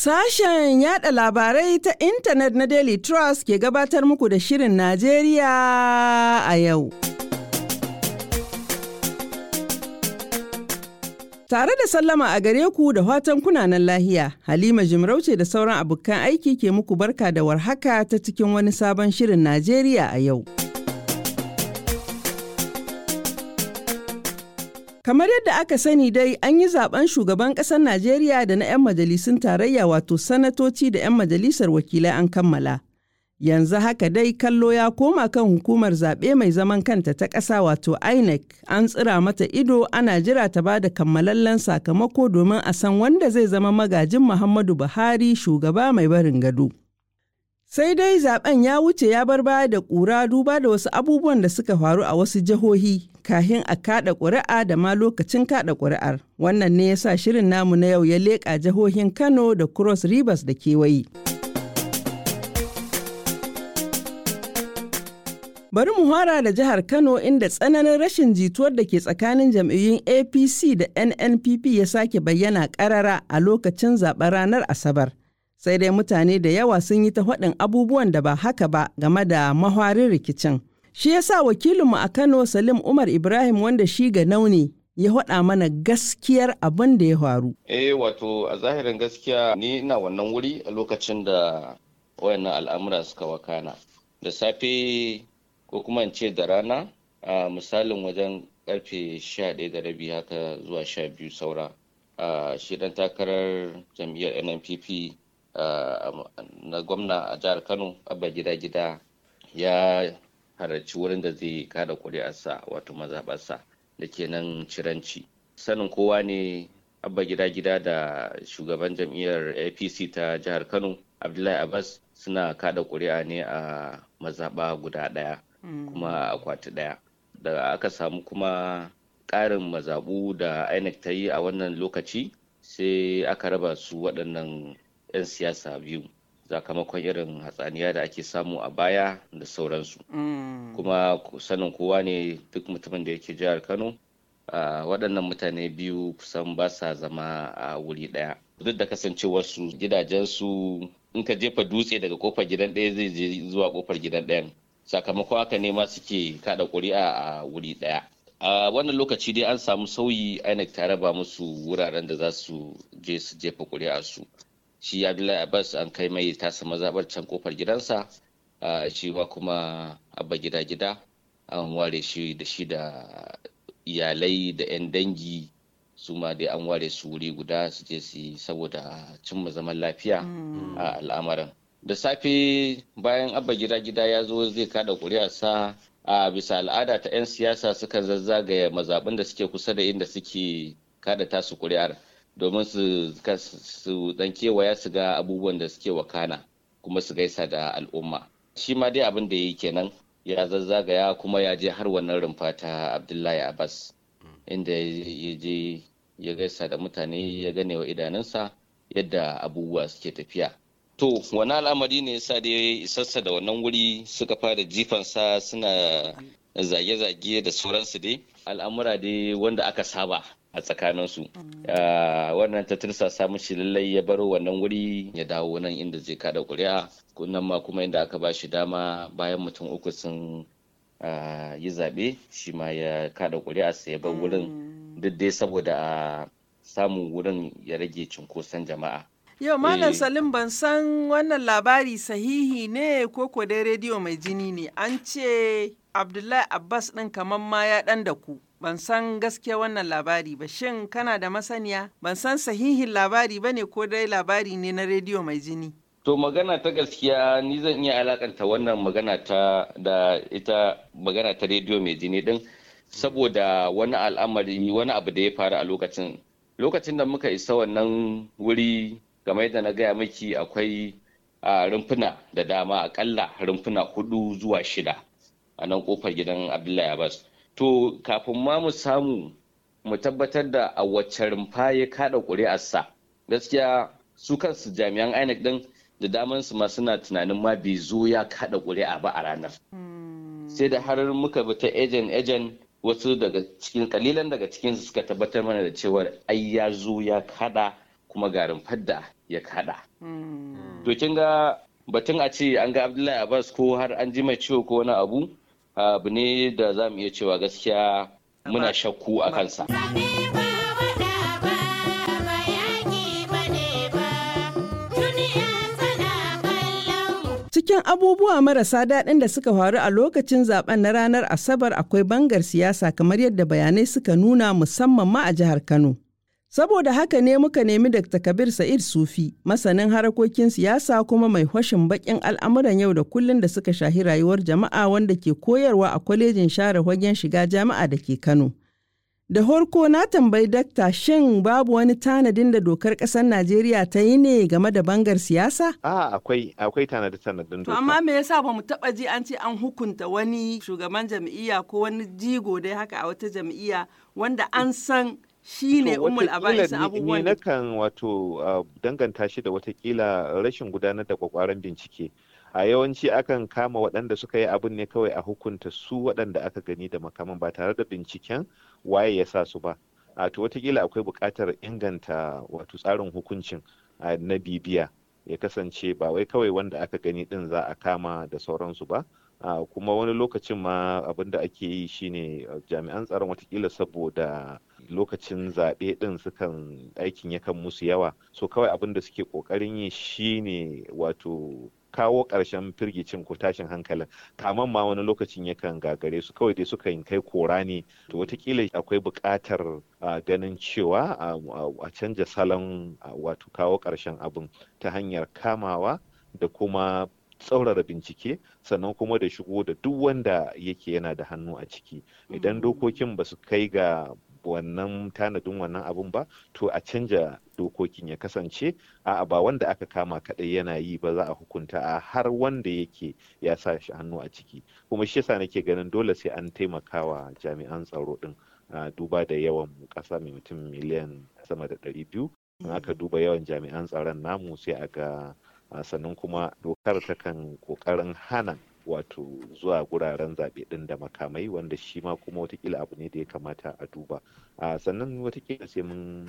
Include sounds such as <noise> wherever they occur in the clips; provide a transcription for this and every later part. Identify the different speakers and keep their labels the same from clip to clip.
Speaker 1: Sashen yada labarai ta intanet na Daily Trust ke gabatar muku da Shirin Najeriya a yau. Tare da sallama a gare ku da watan kunanan lahiya, Halima Jimarauce da sauran abokan aiki ke muku barka da warhaka ta cikin wani sabon Shirin Najeriya a yau. Kamar yadda aka sani dai an yi zaben shugaban ƙasar Najeriya da na 'yan majalisun tarayya wato sanatoci da 'yan majalisar wakilai an kammala. Yanzu haka dai kallo ya koma kan hukumar zaɓe mai zaman kanta ta ƙasa wato INEC an tsira mata ido ana jira ta ba da kammalallen sakamako domin a san wanda zai zama magajin Muhammadu Buhari shugaba mai barin gado. Sai dai zaben ya wuce ya bar baya da ƙura duba da wasu abubuwan da suka faru a wasu jihohi kahin a kaɗa ƙuri'a da ma lokacin kaɗa ƙuri'ar. Wannan ne ya sa shirin namu na yau ya leƙa jihohin Kano da Cross Rivers da kewaye. Bari mu hara da jihar Kano inda tsananin rashin jituwar da ke tsakanin jam'iyyun APC da NNPP ya sake bayyana ƙarara a lokacin zaɓen ranar Asabar. sai dai mutane da yawa sun yi ta faɗin abubuwan da ba haka ba game da mahwarin rikicin. Shi ya sa wakilinmu a Kano Salim Umar Ibrahim wanda shi ga nauni ya haɗa mana gaskiyar abin da ya faru.
Speaker 2: Eh wato a zahirin gaskiya ni ina wannan wuri a lokacin da wayannan al'amura suka wakana. Da safe ko kuma ce da rana a misalin wajen karfe sha ɗaya da rabi haka zuwa sha saura. A shi ɗan takarar jam'iyyar NNPP na gwamna a jihar kano abba gida gida ya halarci wurin da zai kada kuri'arsa wato mazaɓarsa da ke nan ciranci sanin kowa ne abba gida gida da shugaban jam'iyyar apc ta jihar kano abdullahi abbas suna kada kuri'a ne a mazaɓa guda ɗaya hmm. kuma a akwati ɗaya da aka samu kuma ƙarin mazaɓu da inec ta yi a wannan lokaci sai aka raba su waɗannan 'yan siyasa biyu sakamakon irin hatsaniya da ake samu a baya da sauransu mm. kuma sanin kowa ne duk mutumin da yake jihar kano waɗannan mutane biyu kusan ba sa zama a wuri ɗaya duk da kasancewarsu gidajensu in ka jefa dutse daga kofar gidan ɗaya zai je zuwa kofar gidan ɗayan sakamakon haka ne ma suke kaɗa ƙuri'a a wuri ɗaya a wannan lokaci dai an samu sauyi inec ta raba musu wuraren da za su je su jefa ƙuri'a su shi abdullahi abbas an kai mai tasa mazabar can kofar gidansa shi ma kuma abba gida gida an ware shi da shi da iyalai da 'yan dangi su ma dai an ware su wuri guda su je su yi saboda cimma zaman lafiya mm. a al'amarin da safe bayan abba gida gida ya zo zai kada ƙuri'arsa a bisa al'ada ta 'yan siyasa suka zazzagaya mazaɓin da suke kusa da inda suke kada tasu kuri'ar domin su dan kewaya su ga abubuwan da suke wakana kuma su gaisa da al'umma shi ma dai abin da ya yi kenan ya zazzagaya kuma ya je har wannan rumfa ta abdullahi abbas inda ya je ya gaisa da mutane ya gane wa idanunsa yadda abubuwa suke tafiya to wani al'amari ne ya sa da isarsa da wannan wuri suka fara jifansa suna zage-zage da sauransu dai al'amura dai wanda aka saba a tsakanin su wannan ta tursa samu shi lallai ya baro wannan wuri ya dawo nan inda zai kada kuri'a kunnan ma kuma inda aka ba shi dama bayan mutum uku sun yi zaɓe shi ma ya kada kuri'a sai ya bar wurin mm. duk dai saboda samun wurin ya rage cunkoson jama'a
Speaker 1: Yau Malam eh. Salim ban san wannan labari sahihi ne ko ko dai rediyo mai jini ne an ce Abdullahi Abbas ɗin kamar ma ya ɗan da ku. Ban san gaskiya wannan labari ba shin kana da masaniya ban san sahihin labari ba ne ko dai labari ne na rediyo mai jini.
Speaker 2: To magana ta gaskiya ni zan iya alakanta wannan magana ta da ita magana ta rediyo mai jini din saboda wani al'amari wani abu da ya faru a lokacin lokacin da muka isa wannan wuri kamar yadda na gaya miki akwai a rumfuna da dama akalla rumfuna hudu zuwa shida a nan kofar gidan abdullahi abbas to kafin ma mu samu mu tabbatar da a wacce rumfa ya kada ƙuri'arsa gaskiya su kansu jami'an inec din da daman su ma suna tunanin ma bai zo ya kada ƙuri'a ba a ranar hmm. sai da har muka bi ta ejen ejen wasu daga cikin kalilan daga cikin suka tabbatar mana da cewar ai ya zo ya kada kuma garin da ya kada. Hmm. To kin ga batun a ce an ga Abdullahi Abbas ko har an ji mai ciwo ko wani abu abu ne da za mu iya cewa gaskiya muna shakku a kansa.
Speaker 1: Cikin abubuwa marasa daɗin da suka faru a lokacin zaben na ranar Asabar akwai bangar siyasa kamar yadda bayanai suka nuna musamman ma a jihar Kano. Saboda haka ne muka nemi Dr. Kabir Sa'id Sufi, masanin harakokin siyasa kuma mai hwashin bakin al'amuran yau da kullun da suka shahi rayuwar jama'a wanda ke koyarwa a kwalejin share hagen shiga jama'a da ke Kano. Da horko na tambayi Dr. shin babu wani tanadin da dokar ƙasar Najeriya ta yi ne game da bangar siyasa?
Speaker 3: A akwai akwai tanadi tanadin to Amma
Speaker 1: me yasa ba mu taɓa ji an ce an hukunta wani shugaban jam'iyya ko wani jigo dai haka a wata jam'iyya wanda an san shi ne umul abubuwan ne
Speaker 3: nakan wato ah, danganta shi da watakila rashin gudanar da kwakwaran bincike a yawanci akan kama waɗanda suka yi abin ne kawai a hukunta su waɗanda aka gani da makaman ba tare da binciken waye ya sa su ba a to watakila akwai buƙatar inganta wato tsarin hukuncin na bibiya ya kasance ba wai kawai wanda aka gani ɗin za a kama da sauransu ba kuma wani lokacin ma abinda ake yi shine ah, jami'an tsaron watakila saboda lokacin zaɓe ɗin sukan aikin yakan musu yawa so kawai abin da suke ƙoƙarin yi shine wato kawo ƙarshen firgicin ko tashin hankalin kaman ma wani lokacin yakan gagare su kawai dai suka sukan kai kora ne to watakila akwai buƙatar ganin cewa a canja salon wato kawo ƙarshen abin ta hanyar kamawa da kuma tsaurara bincike sannan kuma da shigo da duk wanda yake yana da hannu a ciki idan mm. dokokin ba su kai ga wannan tanadin wannan abun ba to a canja dokokin ya kasance a ba wanda aka kama kadai yana yi ba za a hukunta a har wanda yake ya sa shi hannu a ciki kuma shi yasa nake ganin dole sai an taimakawa jami'an tsaro din duba da yawan kasa mai mutum miliyan sama da ɗari biyu in aka duba yawan jami'an tsaron namu sai a ga sannan kuma dokar ta kan kokarin hana wato zuwa guraren zaɓe ɗin da makamai wanda shi ma kuma watakila abu ne da ya kamata a duba a sannan watakila sai mun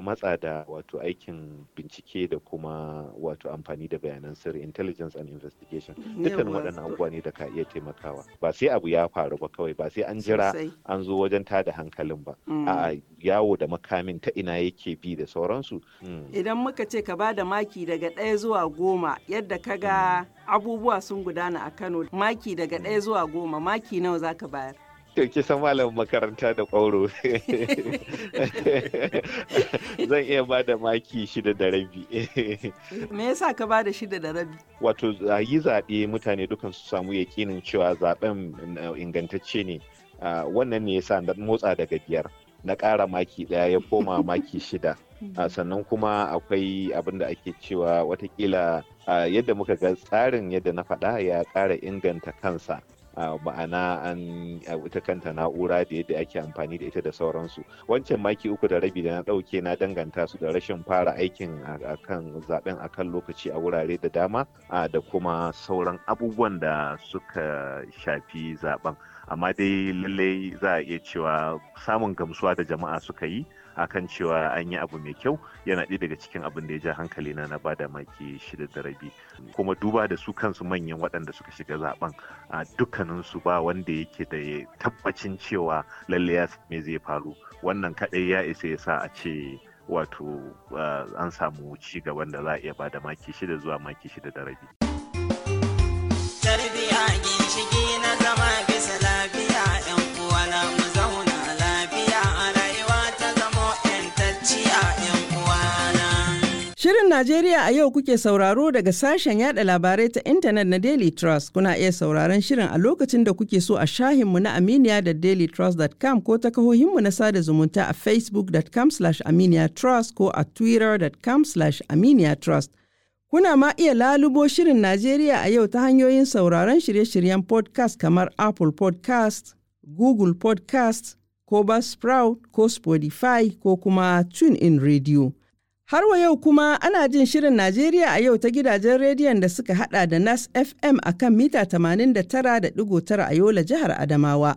Speaker 3: matsa da wato aikin bincike da kuma wato amfani da bayanan sirri intelligence and investigation dukkan waɗannan abubuwa ne da ka iya taimakawa ba sai abu ya faru ba kawai ba sai an jira an zo wajen ta da hankalin ba mm. a yawo da makamin ta ina yake bi da sauransu mm.
Speaker 1: idan muka ce ka ba da maki daga ɗaya zuwa goma yadda ka ga abubuwa sun gudana a Kano maki daga ɗaya zuwa goma maki nawa za ka bayar.
Speaker 3: Ke san malam makaranta da ƙwauro. <laughs> Zan iya ba da maki shida da rabi.
Speaker 1: Me yasa ka ba da shida da rabi?
Speaker 3: Wato yi zaɓe mutane dukan su samu yakinin cewa zaɓen ingantacce ne. Ah, wannan ne yasa na motsa daga biyar. Na ƙara maki ɗaya ya koma maki shida. sannan kuma akwai abin da ake cewa watakila yadda muka ga tsarin yadda na faɗa ya ƙara inganta kansa ma'ana an ita kanta na'ura da yadda ake amfani da ita da sauransu wancan maki uku da rabi da na ɗauke na danganta su da rashin fara aikin a akan zaben kan lokaci a wurare da dama da kuma sauran abubuwan da suka shafi zaɓen. amma dai lallai za a iya cewa samun gamsuwa da jama'a suka yi A kan cewa an yi abu mai kyau yana ɗaya daga cikin abin da ya ja hankali na na bada maki shida da rabi kuma duba da su kansu manyan waɗanda suka shiga zaben a dukkanin su ba wanda yake da tabbacin cewa lalle ya me zai faru wannan kaɗai ya isa ya sa a ce wato an samu ci gaban da za a iya bada maki shida zuwa maki shida da rabi.
Speaker 1: Najeriya a yau kuke sauraro daga sashen yada labarai ta intanet na Daily Trust. Kuna iya sauraron shirin a lokacin da kuke so a shahinmu na Aminiya da dailytrust.com ko ta kahohinmu na sada zumunta a facebookcom aminiyatrust ko a twittercom aminiyatrust. Kuna ma iya lalubo shirin Najeriya a yau ta hanyoyin sauraron shirye-shiryen podcast kamar Apple podcast, Google podcast, ko Buzzsprout ko Spotify ko kuma TuneIn Radio. Har wa yau kuma ana jin shirin Najeriya a yau ta gidajen rediyon da suka hada da Nas FM a kan mita 89.9 a Yola jihar Adamawa.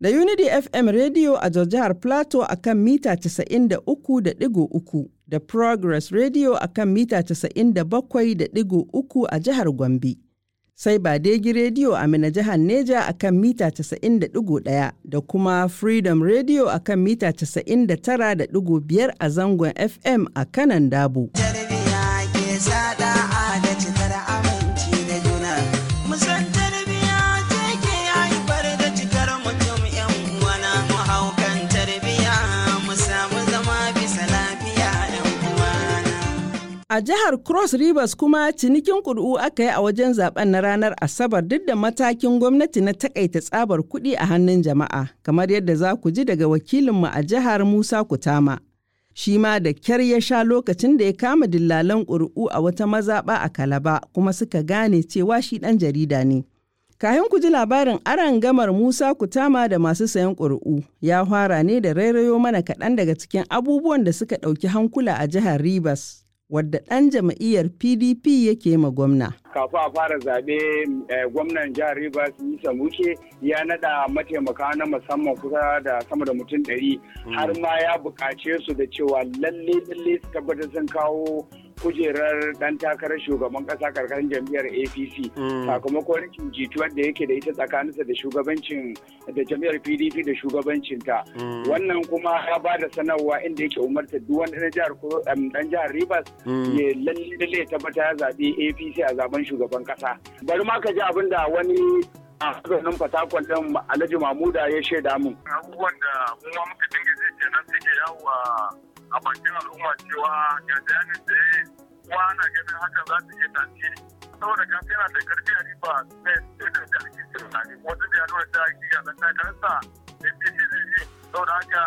Speaker 1: Da Unity FM Radio a jihar Plateau a kan mita 93.3 da Progress Radio a kan mita 97.3 a jihar Gombe. sai ba Badegi Radio a Mina jihar Neja a kan mita 90.1 da kuma Freedom Radio a kan mita 99.5 a zangon FM a kanan Dabo. A jihar Cross Rivers kuma cinikin ƙuri'u aka yi a wajen zaben na ranar Asabar duk da matakin gwamnati na takaita tsabar kudi a hannun jama'a, kamar yadda za ku ji daga wakilinmu a jihar Musa Kutama. Shi ma da kyar ya sha lokacin da ya kama dillalan ƙuri'u a wata mazaɓa a Kalaba kuma suka gane cewa shi ɗan jarida ne. Kayan ku ji labarin aron gamar Musa Kutama da masu sayan ƙuri'u ya fara ne da rairayo mana kaɗan daga cikin abubuwan da suka ɗauki hankula a jihar Rivers. wadda ɗan jam'iyyar PDP yake ma gwamna.
Speaker 4: Kafin a fara zaɓe eh, gwamnan jihar Rivers nisa Muke ya naɗa mataimaka na musamman kusa da sama da mutum ɗari hmm. har ma ya buƙace su da cewa lalle lalle su tabbatar sun kawo kujerar dan takarar shugaban kasa karkashin jam'iyyar apc mm. sakamakon rikin jituwar da yake da ita tsakaninsa da shugabancin da jam'iyyar pdp da shugabancin ta. Mm. wannan kuma ya ba da sanarwa inda yake umarta duk wani dan jihar dan jihar rivers mm. ya lalle tabbata ya zabi apc a zaben shugaban kasa bari ma ka ji abin da wani a ganin fatakon alhaji mamuda ya shaida mu abubuwan da kuma muka dinga kenan suke yawo a bakin al'umma cewa ga bayanin da ya kuma ana ganin haka za su iya tasiri saboda ka yana da karfi a riba mai da karfi tunani wajen da ya nuna ta giga da ta karsa da ke ne zai yi saboda haka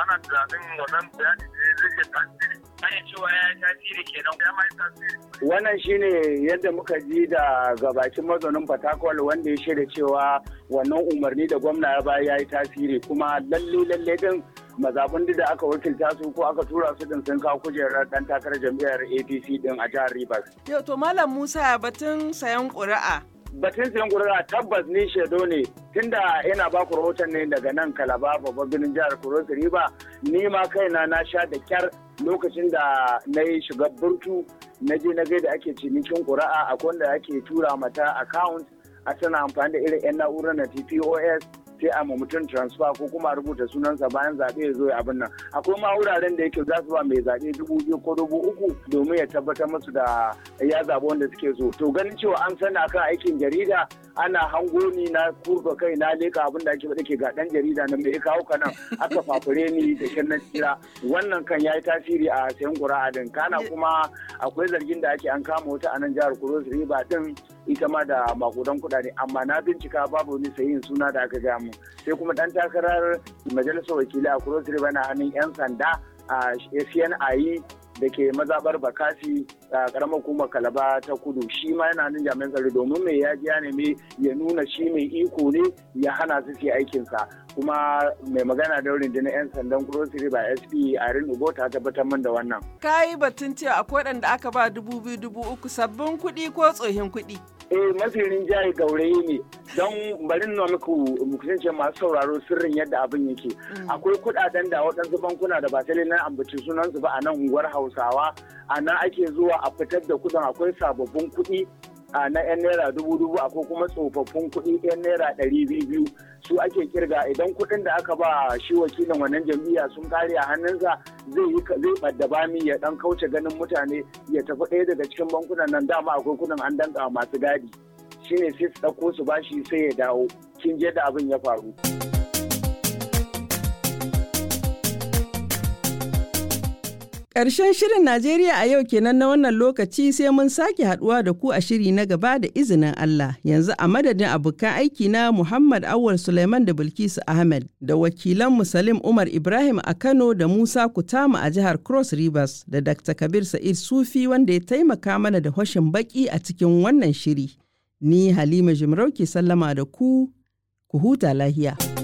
Speaker 4: ana tunanin wannan bayani da ya zai iya tasiri ana cewa ya yi tasiri kenan ya ma yi tasiri wannan shine yadda muka ji da gabacin mazaunin fatakwal wanda ya shirya cewa wannan umarni da gwamna ya ba ya yi tasiri kuma lalle lalle din mazaɓin da aka wakilta su ko aka tura su din sun kawo kujerar dan takarar jami'ar APC din a jihar Rivers.
Speaker 1: Yau to Malam
Speaker 4: Musa batun sayan ƙuri'a. Batun sayan ƙuri'a tabbas ni shaido ne tunda ina ba ku rahoton ne daga nan Kalaba babban birnin jihar Cross riba ni ma kaina na sha da kyar lokacin da na yi shiga burtu na je na da ake cinikin ƙuri'a a wanda ake tura mata account a sana amfani da irin 'yan na'urar na TPOS sai a mutum transfer ko kuma rubuta sunansa bayan zaɓe ya zo ya abin nan akwai ma wuraren da yake za su ba mai zaɓe dubu biyu ko dubu uku domin ya tabbatar musu da ya zaɓi wanda suke so to ganin cewa an sani kan aikin jarida ana hango ni na kurba kai na leka abin da ake faɗa ke ga ɗan jarida na mai kawo ka nan aka fafure ni da kenan wannan kan ya yi tasiri a sayan kura'a din kana kuma akwai zargin da ake an kama wata a nan jihar kuros riba din ita ma da makudan kudade amma na bincika babu ni sayin suna da aka gaya mu sai kuma dan takarar majalisar wakili a cross river na hannun yan sanda a cni da ke mazabar bakasi a karamar hukumar kalaba ta kudu shi ma yana nan jami'an tsaro domin mai ya ya nemi ya nuna shi mai iko ne ya hana su su aikinsa kuma mai magana da rundunar 'yan sandan cross river sp arin ugo ta tabbatar min da wannan
Speaker 1: kayi batun cewa akwai waɗanda aka ba dubu biyu dubu uku sabbin kuɗi
Speaker 4: ko tsohin kuɗi eh masirin rinjaye gauraye ne don bari nuna muku mukusance masu sauraro sirrin yadda abin yake mm. akwai kudaden da waɗansu bankuna da ba sai na ambaci sunansu ba a nan unguwar hausawa a nan ake zuwa a fitar da kudin akwai sababbin kuɗi a na 'yan naira dubu dubu akwai kuma tsofaffin kuɗi 'yan naira ɗari biyu biyu su ake kirga idan kuɗin da aka ba shi wakilin wannan jam'iyya sun kare a hannunsa zai yi zai ɓadda bami ya ɗan kauce ganin mutane ya tafi ɗaya daga cikin bankunan nan dama akwai kuɗin an danka masu gadi shine sai su ɗauko su bashi sai ya dawo kin je da abin ya faru.
Speaker 1: Karshen shirin Najeriya a yau kenan na wannan lokaci sai mun sake haduwa da ku a shiri na gaba da izinin Allah. Yanzu a madadin abokan aiki na Muhammad Awal Suleiman da Bilkisu Ahmed da wakilan Musalim Umar Ibrahim a Kano da Musa Kutama a jihar Cross Rivers da Dr. Kabir Sa'id Sufi wanda ya taimaka mana da hoshin baki a cikin wannan shiri. Ni Halima Jimarau sallama da ku, ku huta lahiya.